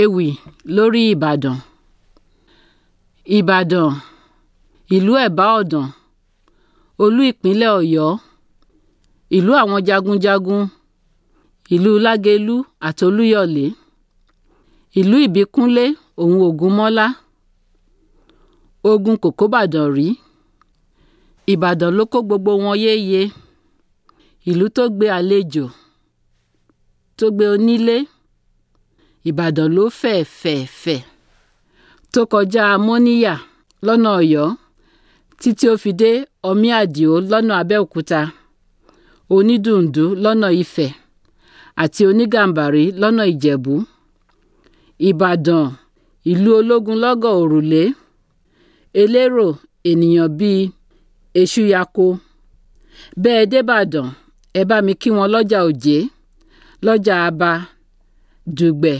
Ewì lórí Ìbàdàn. Ìbàdàn, ìlú ẹ̀bá ọ̀dàn, olú ìpínlẹ̀ Ọ̀yọ́, ìlú àwọn jagunjagun, ìlú Lágelú àti Olúyọ̀lé, ìlú Ìbíkúnlé òun Ògúnmọ́lá. Ogun kò kóbàdàn rí, Ìbàdàn ló kó gbogbo wọn yéye, ìlú tó gbe àlejò, tó gbe onílé ìbàdàn ló fẹ̀ fẹ̀ fẹ̀ tó kọjá mọ́níyà lọ́nà ọ̀yọ́ títí ó fi dé ọmí àdìo lọ́nà abẹ́òkúta onídùndú lọ́nà ifẹ̀ àti onígàǹbàrí lọ́nà ìjẹ̀bú ìbàdàn ìlú ológun lọ́gọ̀ òrùlé elérò ènìyàn bíi èṣù yako bẹ́ẹ̀ débàdàn ẹ bá mi kí wọn lọ́jà òjé lọ́jà aba dùgbẹ̀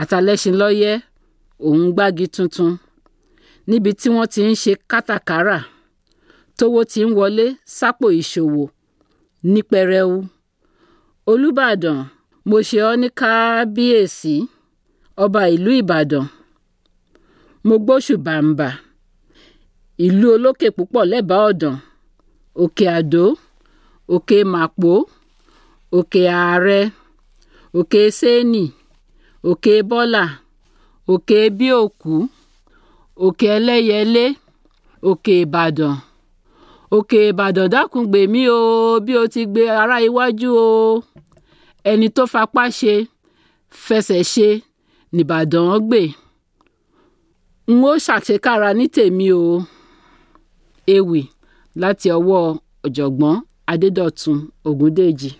Atalẹ́ṣinlọ́yẹ́ Òǹgbági tuntun níbi tí wọ́n ti ń ṣe kátàkárà tówó ti ń wọlé sápò ìṣòwò ní pẹrẹu. Olúbàdàn mo ṣe ọ́ ní kábíyèsí, ọba ìlú Ìbàdàn. Mo gbóṣùbàǹbà. Ìlú olókè púpọ̀ lẹ́bàá ọ̀dàn. Òkè Àdó, òkè Màpó, òkè Ààrẹ, òkè Sénì òkè bọ́là òkè bíòkú òkè ẹlẹ́yẹlé òkè ìbàdàn òkè ìbàdàn dákun gbè mí o bí o ti gbé ara iwájú o ẹni tó fapá ṣe fẹsẹ̀ ṣe nìbàdàn gbè n ó ṣàṣekára ní tèmi o ewì láti ọwọ́ ọ̀jọ̀gbọ́n adédọ̀tun ògúndèjì.